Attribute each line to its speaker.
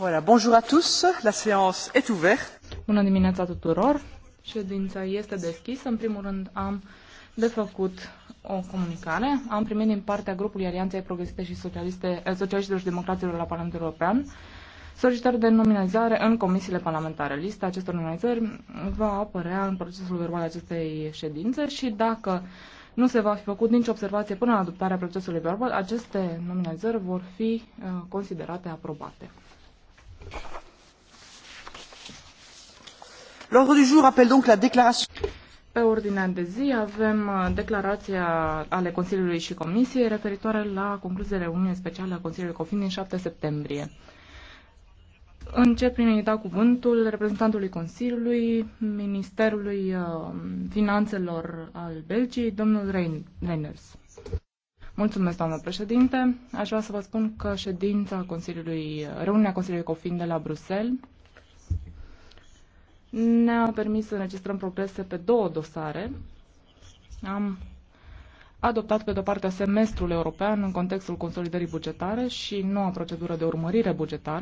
Speaker 1: Voilà, bonjour à tous, la séance est ouverte.
Speaker 2: Bună dimineața tuturor, ședința este deschisă. În primul rând am de făcut o comunicare. Am primit din partea grupului Alianței Progresiste și Socialiste, eh, Socialiștilor și Democraților la Parlamentul European solicitări de nominalizare în comisiile parlamentare. Lista acestor nominalizări va apărea în procesul verbal acestei ședințe și dacă nu se va fi făcut nicio observație până la adoptarea procesului verbal, aceste nominalizări vor fi eh, considerate aprobate.
Speaker 3: L'ordre du jour appelle donc la déclaration.
Speaker 2: Pe ordinea de zi avem uh, declarația ale Consiliului și Comisiei referitoare la concluziile Uniunii Speciale a Consiliului COFIN din 7 septembrie. Încep prin a-i da cuvântul reprezentantului Consiliului, Ministerului uh, Finanțelor al Belgiei, domnul Reiners. Mulțumesc, doamnă președinte. Aș vrea să vă spun că ședința Consiliului, reuniunea Consiliului COFIN de la Bruxelles ne-a permis să înregistrăm progrese pe două dosare. Am adoptat pe de-o parte semestrul european în contextul consolidării bugetare și noua procedură de urmărire bugetară,